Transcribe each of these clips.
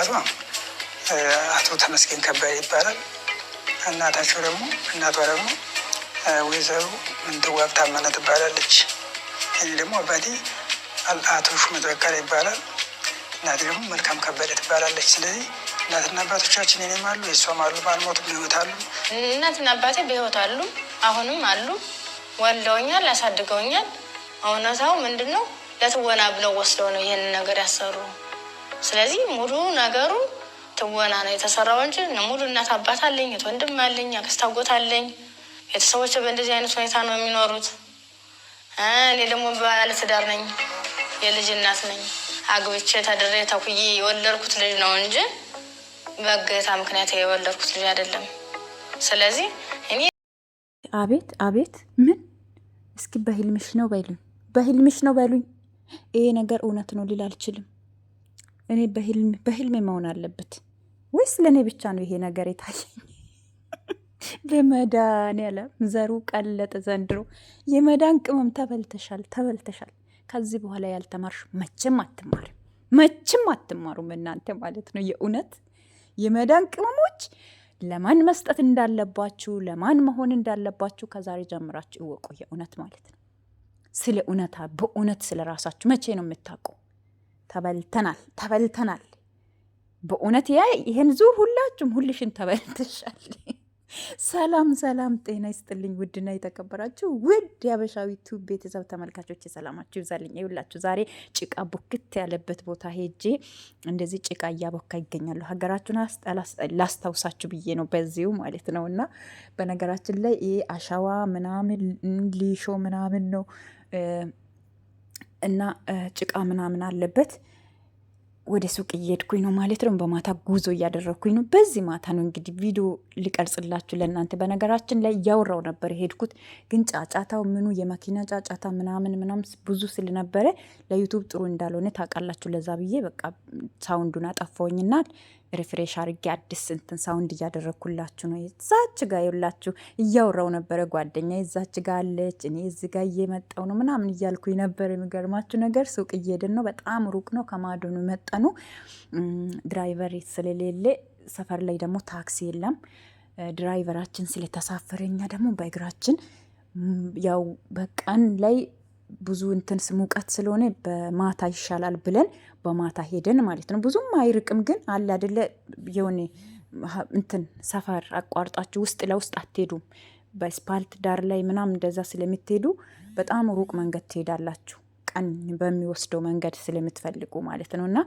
አባቱ አቶ ተመስገን ከበደ ይባላል። እናታቸው ደግሞ እናቷ ደግሞ ወይዘሮ ምንትዋብ ታመነ ትባላለች። እኔ ደግሞ አባቴ አቶ ሹመት በቀለ ይባላል። እናቴ ደግሞ መልካም ከበደ ትባላለች። ስለዚህ እናትና አባቶቻችን የኔም አሉ የእሷም አሉ ባልሞት በህይወት አሉ። እናትና አባቴ በህይወት አሉ፣ አሁንም አሉ። ወልደውኛል፣ አሳድገውኛል። እውነታው ምንድን ነው? ለትወና ብለው ወስደው ነው ይህንን ነገር ያሰሩ። ስለዚህ ሙሉ ነገሩ ትወና ነው የተሰራው እንጂ ሙሉ እናት አባት አለኝ፣ ወንድም አለኝ፣ አክስት አጎት አለኝ። ቤተሰቦች በእንደዚህ አይነት ሁኔታ ነው የሚኖሩት። እኔ ደግሞ ባለትዳር ነኝ፣ የልጅ እናት ነኝ። አግብቼ ተድሬ ተኩዬ የወለድኩት ልጅ ነው እንጂ በእገታ ምክንያት የወለድኩት ልጅ አይደለም። ስለዚህ እኔ አቤት አቤት ምን እስኪ በህልምሽ ነው በይሉኝ፣ በህልምሽ ነው በይሉኝ። ይሄ ነገር እውነት ነው ሊል አልችልም። እኔ በህልሜ መሆን አለበት ወይስ ለእኔ ብቻ ነው ይሄ ነገር የታየኝ? በመድኃኒዓለም ዘሩ ቀለጠ ዘንድሮ። የመዳን ቅመም ተበልተሻል፣ ተበልተሻል። ከዚህ በኋላ ያልተማርሽ መቼም አትማርም፣ መቼም አትማሩም እናንተ ማለት ነው። የእውነት የመዳን ቅመሞች ለማን መስጠት እንዳለባችሁ ለማን መሆን እንዳለባችሁ ከዛሬ ጀምራችሁ እወቁ። የእውነት ማለት ነው። ስለ እውነታ በእውነት ስለ ራሳችሁ መቼ ነው የምታውቀው? ተበልተናል ተበልተናል። በእውነት ያ ይህን ዙር ሁላችሁም ሁልሽን ተበልተሻል። ሰላም ሰላም፣ ጤና ይስጥልኝ ውድና የተከበራችሁ ውድ የአበሻዊቱ ቤተሰብ ተመልካቾች የሰላማችሁ ይብዛልኝ። ይውላችሁ ዛሬ ጭቃ ቡክት ያለበት ቦታ ሄጄ እንደዚህ ጭቃ እያቦካ ይገኛሉ። ሀገራችሁን ላስታውሳችሁ ብዬ ነው በዚሁ ማለት ነው። እና በነገራችን ላይ ይህ አሸዋ ምናምን ሊሾ ምናምን ነው እና ጭቃ ምናምን አለበት። ወደ ሱቅ እየሄድኩኝ ነው ማለት ነው። በማታ ጉዞ እያደረግኩኝ ነው። በዚህ ማታ ነው እንግዲህ ቪዲዮ ሊቀርጽላችሁ ለእናንተ። በነገራችን ላይ እያወራው ነበር የሄድኩት፣ ግን ጫጫታው ምኑ የመኪና ጫጫታ ምናምን ምናምን ብዙ ስለነበረ ለዩቱብ ጥሩ እንዳልሆነ ታውቃላችሁ። ለዛ ብዬ በቃ ሳውንዱን አጠፋውኝና ሪፍሬሽ አድርጌ አዲስ እንትን ሳውንድ እያደረግኩላችሁ ነው። የዛች ጋ የላችሁ እያወራው ነበረ ጓደኛ የዛች ጋ አለች፣ እኔ እዚ ጋ እየመጣው ነው ምናምን እያልኩ ነበር። የሚገርማችሁ ነገር ሱቅ እየሄድን ነው። በጣም ሩቅ ነው ከማዶኑ መጠኑ ድራይቨር ስለሌለ ሰፈር ላይ ደግሞ ታክሲ የለም። ድራይቨራችን ስለተሳፈረ እኛ ደግሞ በእግራችን ያው በቀን ላይ ብዙ እንትን ሙቀት ስለሆነ በማታ ይሻላል ብለን በማታ ሄደን ማለት ነው። ብዙም አይርቅም ግን አለ አይደለ የሆነ እንትን ሰፈር አቋርጣችሁ ውስጥ ለውስጥ አትሄዱም። በስፓልት ዳር ላይ ምናምን እንደዛ ስለምትሄዱ በጣም ሩቅ መንገድ ትሄዳላችሁ። ቀን በሚወስደው መንገድ ስለምትፈልጉ ማለት ነው እና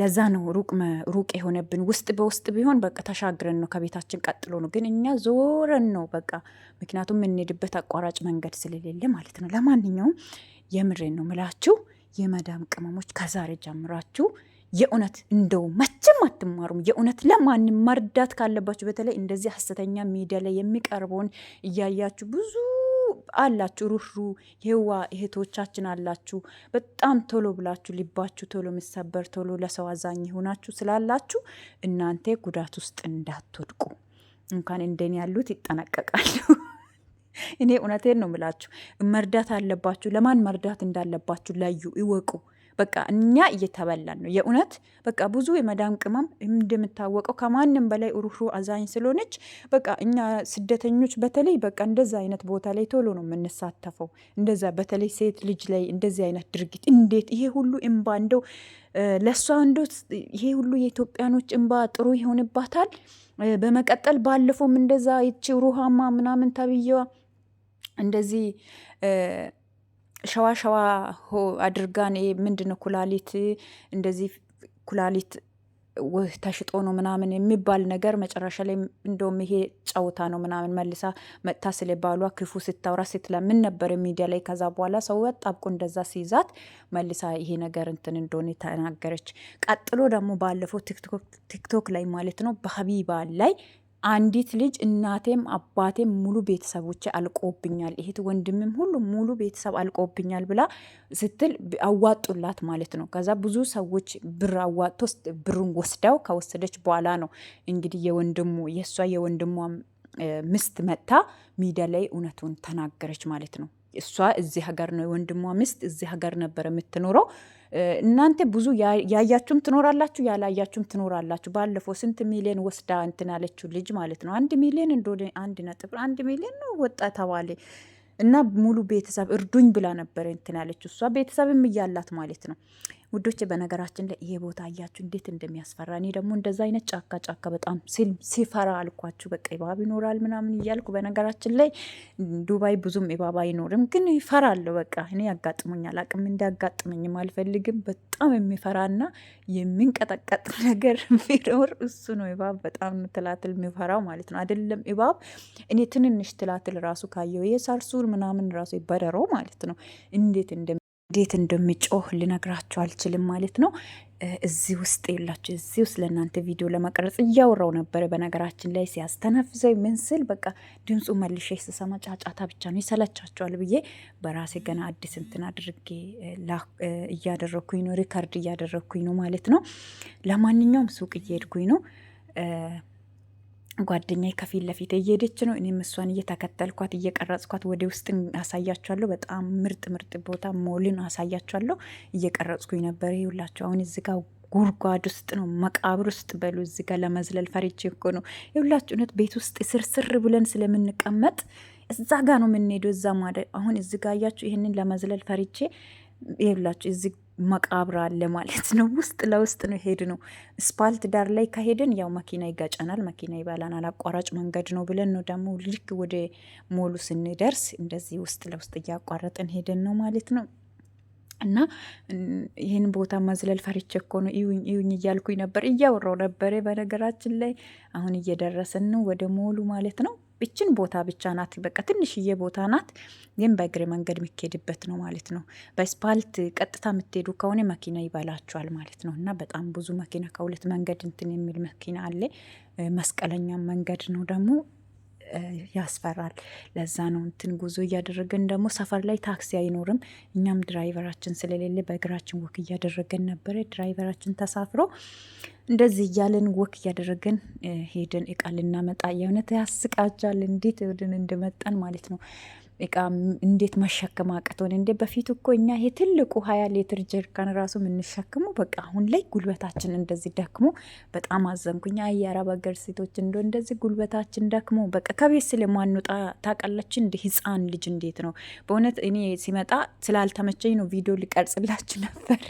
ለዛ ነው ሩቅ ሩቅ የሆነብን። ውስጥ በውስጥ ቢሆን በቃ ተሻግረን ነው ከቤታችን ቀጥሎ ነው፣ ግን እኛ ዞረን ነው በቃ ምክንያቱም የምንሄድበት አቋራጭ መንገድ ስለሌለ ማለት ነው። ለማንኛውም የምሬን ነው ምላችሁ የመዳም ቅመሞች ከዛሬ ጀምራችሁ የእውነት እንደው መቼም አትማሩም። የእውነት ለማንም መርዳት ካለባችሁ በተለይ እንደዚህ ሀሰተኛ ሚዲያ ላይ የሚቀርበውን እያያችሁ ብዙ አላችሁ ሩሩ የህዋ እህቶቻችን አላችሁ። በጣም ቶሎ ብላችሁ ልባችሁ ቶሎ የሚሰበር ቶሎ ለሰው አዛኝ ሆናችሁ ስላላችሁ እናንተ ጉዳት ውስጥ እንዳትወድቁ እንኳን እንደኔ ያሉት ይጠነቀቃሉ። እኔ እውነቴን ነው ምላችሁ፣ መርዳት አለባችሁ። ለማን መርዳት እንዳለባችሁ ለዩ፣ ይወቁ። በቃ እኛ እየተበላን ነው የእውነት በቃ ብዙ የመዳም ቅመም እንደምታወቀው ከማንም በላይ ሩህሩ አዛኝ ስለሆነች በቃ እኛ ስደተኞች በተለይ በቃ እንደዛ አይነት ቦታ ላይ ቶሎ ነው የምንሳተፈው። እንደዛ በተለይ ሴት ልጅ ላይ እንደዚህ አይነት ድርጊት እንዴት ይሄ ሁሉ እምባ እንደው ለእሷ እንደው ይሄ ሁሉ የኢትዮጵያኖች እምባ ጥሩ ይሆንባታል። በመቀጠል ባለፈውም እንደዛ ይቺ ሩሃማ ምናምን ተብዬዋ እንደዚህ ሸዋ ሸዋ አድርጋ ምንድን ኩላሊት እንደዚህ ኩላሊት ተሽጦ ነው ምናምን የሚባል ነገር መጨረሻ ላይ እንደውም ይሄ ጨውታ ነው ምናምን መልሳ መጥታ ስለ ክፉ ስታውራ ስትለምን ነበር ሚዲያ ላይ። ከዛ በኋላ ሰው ወጥ አብቆ እንደዛ ሲይዛት መልሳ ይሄ ነገር እንትን እንደሆነ ተናገረች። ቀጥሎ ደግሞ ባለፈው ቲክቶክ ላይ ማለት ነው በሀቢባ ላይ አንዲት ልጅ እናቴም አባቴም ሙሉ ቤተሰቦች አልቆብኛል፣ እህት ወንድምም ሁሉ ሙሉ ቤተሰብ አልቆብኛል ብላ ስትል አዋጡላት ማለት ነው። ከዛ ብዙ ሰዎች ብር አዋጥቶ ብሩን ወስዳው ከወሰደች በኋላ ነው እንግዲህ የወንድሙ የእሷ የወንድሟ ምስት መጥታ ሚዲያ ላይ እውነቱን ተናገረች ማለት ነው። እሷ እዚህ ሀገር ነው የወንድሟ ሚስት እዚህ ሀገር ነበር የምትኖረው። እናንተ ብዙ ያያችሁም ትኖራላችሁ፣ ያላያችሁም ትኖራላችሁ። ባለፈው ስንት ሚሊዮን ወስዳ እንትን ያለችው ልጅ ማለት ነው። አንድ ሚሊዮን እንደሆነ አንድ ነጥብ አንድ ሚሊዮን ነው ወጣ ተባለ እና ሙሉ ቤተሰብ እርዱኝ ብላ ነበረ እንትን አለችው እሷ ቤተሰብም እያላት ማለት ነው። ውዶች። በነገራችን ላይ ይሄ ቦታ አያችሁ እንዴት እንደሚያስፈራ። እኔ ደግሞ እንደዛ አይነት ጫካ ጫካ በጣም ሲፈራ አልኳችሁ። በቃ እባብ ይኖራል ምናምን እያልኩ በነገራችን ላይ ዱባይ ብዙም እባብ አይኖርም፣ ግን ይፈራለሁ። በቃ እኔ ያጋጥሙኛል፣ አቅም እንዲያጋጥመኝም አልፈልግም። በጣም የሚፈራና የሚንቀጠቀጥ ነገር ቢኖር እሱ ነው። እባብ በጣም ትላትል የሚፈራው ማለት ነው። አይደለም እባብ እኔ ትንንሽ ትላትል ራሱ ካየው የሳርሱር ምናምን ራሱ በረሮ ማለት ነው እንዴት እንደ እንዴት እንደሚጮህ ልነግራችሁ አልችልም ማለት ነው። እዚህ ውስጥ የላችሁ እዚህ ውስጥ ለእናንተ ቪዲዮ ለመቅረጽ እያወራው ነበረ። በነገራችን ላይ ሲያስተነፍዘው ምን ስል በቃ ድምፁ መልሼ ስሰማ ጫጫታ ብቻ ነው ይሰለቻቸዋል ብዬ በራሴ ገና አዲስ እንትን አድርጌ እያደረግኩኝ ነው፣ ሪካርድ እያደረግኩኝ ነው ማለት ነው። ለማንኛውም ሱቅ እየሄድኩኝ ነው። ጓደኛ ከፊት ለፊት እየሄደች ነው። እኔም እሷን እየተከተልኳት እየቀረጽኳት ወደ ውስጥ አሳያችኋለሁ። በጣም ምርጥ ምርጥ ቦታ ሞልን አሳያችኋለሁ። እየቀረጽኩኝ ነበር። ይኸውላችሁ አሁን እዚህ ጋር ጉድጓድ ውስጥ ነው፣ መቃብር ውስጥ በሉ። እዚ ጋር ለመዝለል ፈሪቼ እኮ ነው። ይኸውላችሁ እውነት ቤት ውስጥ ስርስር ብለን ስለምንቀመጥ እዛ ጋ ነው የምንሄደው። እዛ ማደ አሁን እዚ ጋ እያችሁ ይህንን ለመዝለል ፈሪቼ ይኸውላችሁ እዚህ መቃብር አለ ማለት ነው። ውስጥ ለውስጥ ነው ሄድ ነው። ስፓልት ዳር ላይ ከሄድን ያው መኪና ይጋጨናል፣ መኪና ይበላናል። አቋራጭ መንገድ ነው ብለን ነው ደግሞ ልክ ወደ ሞሉ ስንደርስ እንደዚህ ውስጥ ለውስጥ እያቋረጥን ሄደን ነው ማለት ነው። እና ይህን ቦታ መዝለል ፈሪቼ እኮ ነው ይሁኝ እያልኩኝ ነበር፣ እያወራው ነበረ። በነገራችን ላይ አሁን እየደረሰን ነው ወደ ሞሉ ማለት ነው። እችን ቦታ ብቻ ናት፣ በቃ ትንሽዬ ቦታ ናት፣ ግን በእግር መንገድ የሚኬድበት ነው ማለት ነው። በስፓልት ቀጥታ የምትሄዱ ከሆነ መኪና ይበላችኋል ማለት ነው። እና በጣም ብዙ መኪና ከሁለት መንገድ እንትን የሚል መኪና አለ። መስቀለኛ መንገድ ነው ደግሞ ያስፈራል። ለዛ ነው እንትን ጉዞ እያደረገን ደግሞ ሰፈር ላይ ታክሲ አይኖርም። እኛም ድራይቨራችን ስለሌለ በእግራችን ወክ እያደረገን ነበረ። ድራይቨራችን ተሳፍሮ እንደዚህ እያለን ወክ እያደረገን ሄደን እቃ ልናመጣ የእውነት ያስቃጃል። እንዴት ወደን እንደመጣን ማለት ነው። እቃ እንዴት መሸከም አቅቶን እንደ በፊት እኮ እኛ ይሄ ትልቁ ሀያ ሌትር ጀሪካን ራሱ የምንሸክሙ በቃ አሁን ላይ ጉልበታችን እንደዚህ ደክሞ በጣም አዘንኩኝ። የአረብ ሀገር ሴቶች እንደ እንደዚህ ጉልበታችን ደክሞ በቃ ከቤት ስለማንወጣ ታውቃላችን። እንደ ህፃን ልጅ እንዴት ነው በእውነት እኔ ሲመጣ ስላልተመቸኝ ነው ቪዲዮ ሊቀርጽላችሁ ነበር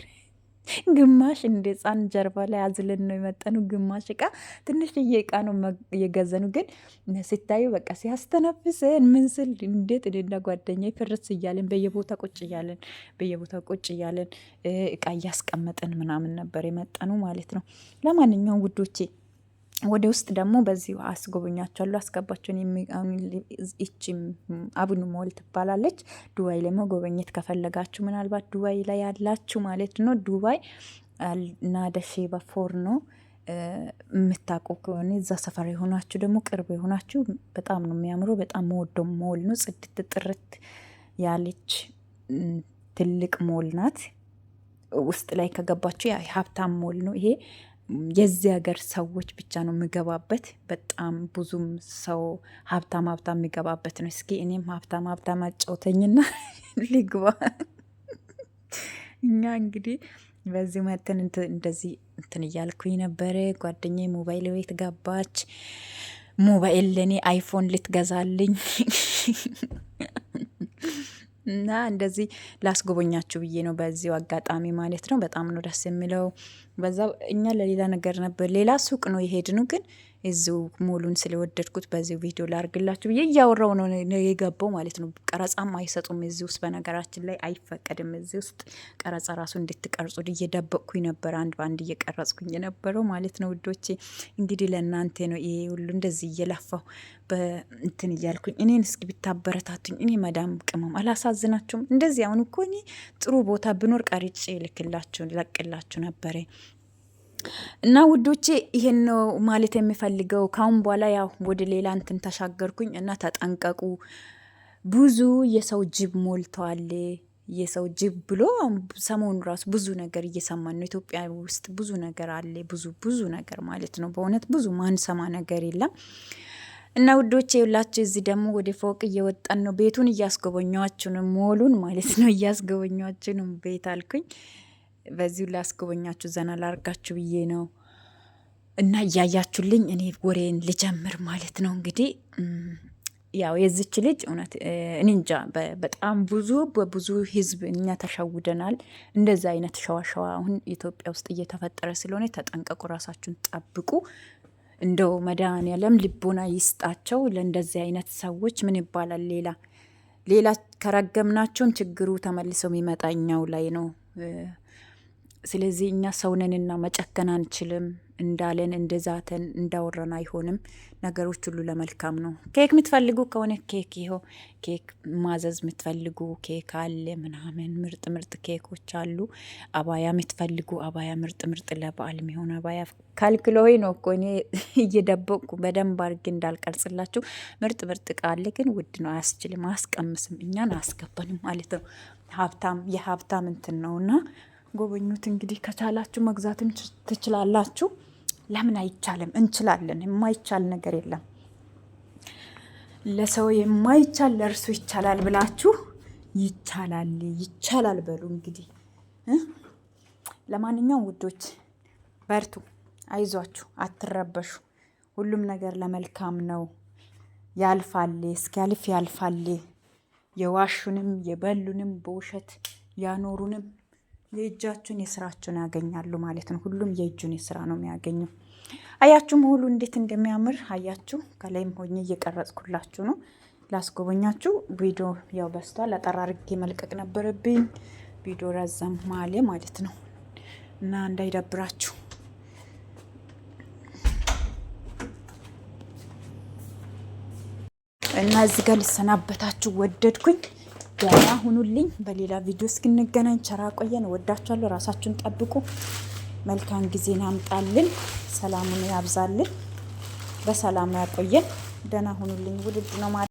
ግማሽ እንደ ህፃን ጀርባ ላይ አዝለን ነው የመጠኑ። ግማሽ እቃ ትንሽዬ እቃ ነው የገዘኑ። ግን ሲታዩ በቃ ሲያስተነፍሰን ምን ስል እንዴት እኔና ጓደኛ ፍርስ እያለን በየቦታ ቁጭ እያለን በየቦታ ቁጭ እያለን እቃ እያስቀመጥን ምናምን ነበር የመጠኑ ማለት ነው። ለማንኛውም ውዶቼ ወደ ውስጥ ደግሞ በዚህ አስጎበኛቸዋለሁ አስገባቸውን። ይቺም አቡኑ ሞል ትባላለች። ዱባይ ላይ መጎበኘት ከፈለጋችሁ ምናልባት ዱባይ ላይ ያላችሁ ማለት ነው። ዱባይ ናደሼ በፎር ነው የምታውቁ ከሆነ እዛ ሰፈር የሆናችሁ ደግሞ ቅርብ የሆናችሁ በጣም ነው የሚያምረው። በጣም መወዶ ሞል ነው። ጽድት ጥርት ያለች ትልቅ ሞል ናት። ውስጥ ላይ ከገባችሁ ሀብታም ሞል ነው ይሄ። የዚህ ሀገር ሰዎች ብቻ ነው የሚገባበት። በጣም ብዙም ሰው ሀብታም ሀብታም የሚገባበት ነው። እስኪ እኔም ሀብታም ሀብታም አጫውተኝና ልግባ። እኛ እንግዲህ በዚህ መትን እንደዚህ እንትን እያልኩኝ ነበረ። ጓደኛ ሞባይል ቤት ገባች። ሞባይል ለእኔ አይፎን ልትገዛልኝ እና እንደዚህ ላስጎበኛችሁ ብዬ ነው በዚሁ አጋጣሚ ማለት ነው። በጣም ነው ደስ የሚለው። በዛ እኛ ለሌላ ነገር ነበር ሌላ ሱቅ ነው የሄድነው ግን እዚው ሙሉን ስለወደድኩት በዚሁ ቪዲዮ ላርግላችሁ ብዬ እያወራው ነው የገባው ማለት ነው። ቀረጻም አይሰጡም እዚህ ውስጥ በነገራችን ላይ አይፈቀድም። እዚህ ውስጥ ቀረጻ ራሱ እንድትቀርጹ እየደበቅኩኝ ነበር፣ አንድ በአንድ እየቀረጽኩኝ የነበረው ማለት ነው ውዶቼ። እንግዲህ ለእናንተ ነው ይሄ ሁሉ እንደዚህ እየለፋው በእንትን እያልኩኝ እኔን እስኪ ብታበረታቱኝ። እኔ መዳም ቅመም አላሳዝናችሁም? እንደዚህ አሁን እኮ እኔ ጥሩ ቦታ ብኖር ቀርጬ ልክላችሁ ለቅላችሁ ነበረ እና ውዶቼ ይሄን ነው ማለት የሚፈልገው። ካሁን በኋላ ያው ወደ ሌላ እንትን ተሻገርኩኝ እና ተጠንቀቁ። ብዙ የሰው ጅብ ሞልተዋል። የሰው ጅብ ብሎ ሰሞኑ ራሱ ብዙ ነገር እየሰማን ነው። ኢትዮጵያ ውስጥ ብዙ ነገር አለ፣ ብዙ ብዙ ነገር ማለት ነው። በእውነት ብዙ ማንሰማ ነገር የለም። እና ውዶቼ የሁላችሁ እዚህ ደግሞ ወደ ፎቅ እየወጣን ነው። ቤቱን እያስጎበኟችሁ ነው፣ ሞሉን ማለት ነው። እያስጎበኟችሁ ነው ቤት አልኩኝ። በዚሁ ላስጎበኛችሁ ዘና ላርጋችሁ ብዬ ነው እና እያያችሁልኝ እኔ ወሬን ልጀምር ማለት ነው። እንግዲህ ያው የዚች ልጅ እውነት እኔ እንጃ በጣም ብዙ በብዙ ህዝብ እኛ ተሸውደናል። እንደዚ አይነት ሸዋሸዋ አሁን ኢትዮጵያ ውስጥ እየተፈጠረ ስለሆነ ተጠንቀቁ፣ ራሳችሁን ጠብቁ። እንደው መድኃኔዓለም ልቦና ይስጣቸው ለእንደዚህ አይነት ሰዎች። ምን ይባላል ሌላ ሌላ ከረገምናቸውን ችግሩ ተመልሰው የሚመጣኛው ላይ ነው። ስለዚህ እኛ ሰውነንና መጨከን አንችልም። እንዳለን እንደዛተን እንዳወረን አይሆንም። ነገሮች ሁሉ ለመልካም ነው። ኬክ የምትፈልጉ ከሆነ ኬክ ይኸው፣ ኬክ ማዘዝ የምትፈልጉ ኬክ አለ ምናምን፣ ምርጥ ምርጥ ኬኮች አሉ። አባያ የምትፈልጉ አባያ፣ ምርጥ ምርጥ ለበዓል የሚሆን አባያ ካልክሎይ ነው እኮ እኔ እየደበቅኩ በደንብ አድርጌ እንዳልቀርጽላችሁ። ምርጥ ምርጥ እቃ አለ፣ ግን ውድ ነው። አያስችልም፣ አያስቀምስም፣ እኛን አያስገባንም ማለት ነው። ሀብታም የሀብታም እንትን ነውና ጎበኙት። እንግዲህ ከቻላችሁ መግዛትም ትችላላችሁ። ለምን አይቻልም? እንችላለን። የማይቻል ነገር የለም። ለሰው የማይቻል ለእርሱ ይቻላል ብላችሁ ይቻላል ይቻላል በሉ። እንግዲህ ለማንኛውም ውዶች በርቱ፣ አይዟችሁ፣ አትረበሹ። ሁሉም ነገር ለመልካም ነው። ያልፋል፣ እስኪያልፍ ያልፋል። የዋሹንም የበሉንም በውሸት ያኖሩንም የእጃችሁን የስራችሁን ያገኛሉ ማለት ነው። ሁሉም የእጁን የስራ ነው የሚያገኘው። አያችሁም ሁሉ እንዴት እንደሚያምር አያችሁ። ከላይም ሆኜ እየቀረጽኩላችሁ ነው ላስጎበኛችሁ። ቪዲዮ ያው በስቷል። አጠራርጌ መልቀቅ ነበረብኝ። ቪዲዮ ረዘም ማለ ማለት ነው እና እንዳይደብራችሁ እና እዚህ ጋር ልሰናበታችሁ ወደድኩኝ። ደህና ሁኑልኝ። በሌላ ቪዲዮ እስክንገናኝ ቸራ ቆየን ወዳችኋለሁ። ራሳችሁን ጠብቁ። መልካም ጊዜን ያምጣልን። ሰላሙን ያብዛልን። በሰላም ያቆየን። ደህና ሁኑልኝ። ውድድ ነው።